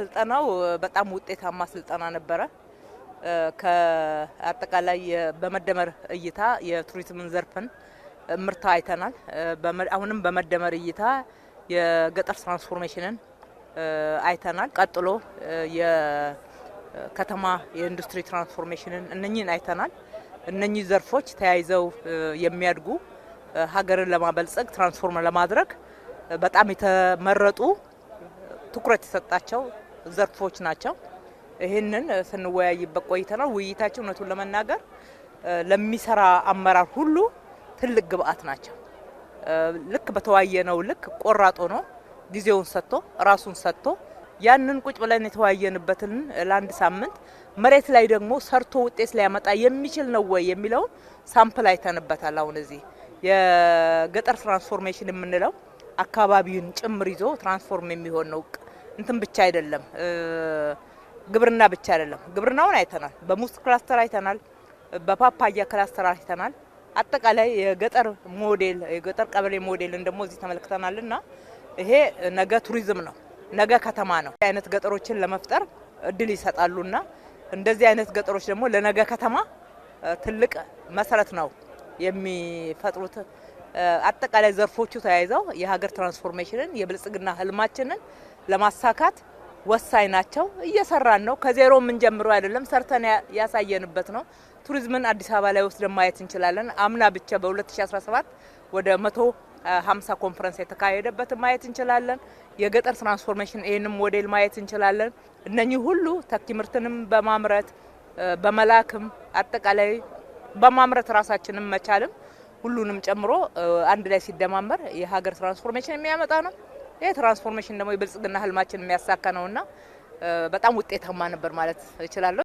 ስልጠናው በጣም ውጤታማ ስልጠና ነበረ። ከአጠቃላይ በመደመር እይታ የቱሪዝምን ዘርፍን ምርታ አይተናል። አሁንም በመደመር እይታ የገጠር ትራንስፎርሜሽንን አይተናል። ቀጥሎ የከተማ የኢንዱስትሪ ትራንስፎርሜሽንን እነኚህን አይተናል። እነኚህ ዘርፎች ተያይዘው የሚያድጉ ሀገርን ለማበልጸግ ትራንስፎርም ለማድረግ በጣም የተመረጡ ትኩረት የሰጣቸው ዘርፎች ናቸው። ይህንን ስንወያይበት ቆይተናል። ውይይታቸው እውነቱን ለመናገር ለሚሰራ አመራር ሁሉ ትልቅ ግብአት ናቸው። ልክ በተወያየነው ልክ ቆራጦ ነው ጊዜውን ሰጥቶ ራሱን ሰጥቶ ያንን ቁጭ ብለን የተወያየንበትን ለአንድ ሳምንት መሬት ላይ ደግሞ ሰርቶ ውጤት ሊያመጣ የሚችል ነው ወይ የሚለውን ሳምፕል አይተንበታል። አሁን እዚህ የገጠር ትራንስፎርሜሽን የምንለው አካባቢውን ጭምር ይዞ ትራንስፎርም የሚሆን ነው እንትን ብቻ አይደለም፣ ግብርና ብቻ አይደለም። ግብርናውን አይተናል፣ በሙስ ክላስተር አይተናል፣ በፓፓያ ክላስተር አይተናል። አጠቃላይ የገጠር ሞዴል የገጠር ቀበሌ ሞዴልን ደግሞ እዚህ ተመልክተናል። ይሄ ነገ ቱሪዝም ነው፣ ነገ ከተማ ነው። አይነት ገጠሮችን ለመፍጠር እድል ይሰጣሉና እንደዚህ አይነት ገጠሮች ደግሞ ለነገ ከተማ ትልቅ መሰረት ነው የሚፈጥሩት። አጠቃላይ ዘርፎቹ ተያይዘው የሀገር ትራንስፎርሜሽንን የብልጽግና ህልማችንን ለማሳካት ወሳኝ ናቸው። እየሰራን ነው። ከዜሮ የምንጀምረው አይደለም፣ ሰርተን ያሳየንበት ነው። ቱሪዝምን አዲስ አበባ ላይ ወስደን ማየት እንችላለን። አምና ብቻ በ2017 ወደ 150 ኮንፈረንስ የተካሄደበት ማየት እንችላለን። የገጠር ትራንስፎርሜሽን ይህንም ሞዴል ማየት እንችላለን። እነኚህ ሁሉ ተኪ ምርትንም በማምረት በመላክም አጠቃላይ በማምረት ራሳችንን መቻልም ሁሉንም ጨምሮ አንድ ላይ ሲደማመር የሀገር ትራንስፎርሜሽን የሚያመጣ ነው። ይሄ ትራንስፎርሜሽን ደግሞ የብልጽግና ህልማችን የሚያሳካ ነውና በጣም ውጤታማ ነበር ማለት እችላለሁ።